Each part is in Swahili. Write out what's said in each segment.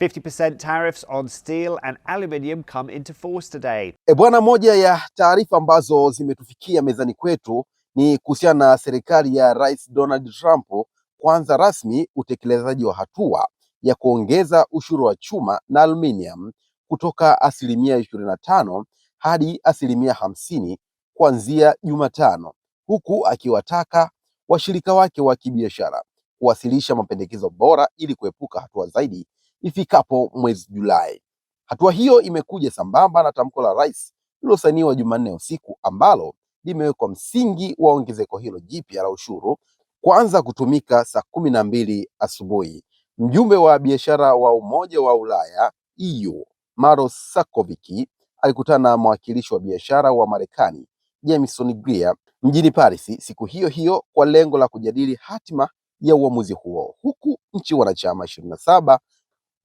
50% tariffs on steel and aluminium come into force today. E bwana, moja ya taarifa ambazo zimetufikia mezani kwetu ni kuhusiana na serikali ya Rais Donald Trump kuanza rasmi utekelezaji wa hatua ya kuongeza ushuru wa chuma na aluminium kutoka asilimia ishirini na tano hadi asilimia hamsini kuanzia Jumatano, huku akiwataka washirika wake wa kibiashara kuwasilisha mapendekezo bora ili kuepuka hatua zaidi ifikapo mwezi Julai. Hatua hiyo imekuja sambamba na tamko la rais lililosainiwa Jumanne usiku ambalo limewekwa msingi wa ongezeko hilo jipya la ushuru kuanza kutumika saa kumi na mbili asubuhi. Mjumbe wa biashara wa Umoja wa Ulaya EU maro sakoviki alikutana na mwakilishi wa biashara wa Marekani Jamieson Greer mjini Paris siku hiyo hiyo kwa lengo la kujadili hatima ya uamuzi huo, huku nchi wanachama ishirini na saba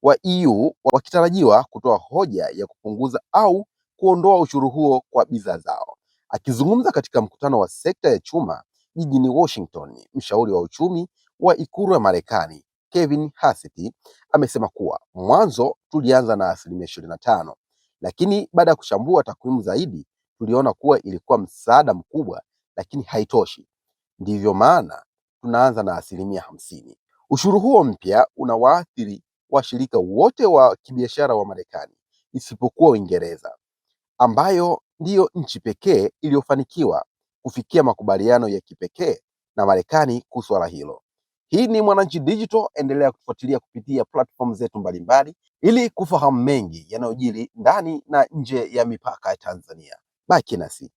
wa EU wakitarajiwa kutoa hoja ya kupunguza au kuondoa ushuru huo kwa bidhaa zao. Akizungumza katika mkutano wa sekta ya chuma jijini Washington, mshauri wa uchumi wa Ikulu ya Marekani Kevin Hassett amesema kuwa mwanzo tulianza na asilimia ishirini na tano, lakini baada ya kuchambua takwimu zaidi tuliona kuwa ilikuwa msaada mkubwa, lakini haitoshi. Ndivyo maana tunaanza na asilimia hamsini. Ushuru huo mpya unawaathiri washirika wote wa kibiashara wa Marekani isipokuwa Uingereza ambayo ndiyo nchi pekee iliyofanikiwa kufikia makubaliano ya kipekee na Marekani kuhusu swala hilo. Hii ni Mwananchi Digital, endelea kufuatilia kupitia platform zetu mbalimbali ili kufahamu mengi yanayojiri ndani na nje ya mipaka ya Tanzania. Baki nasi.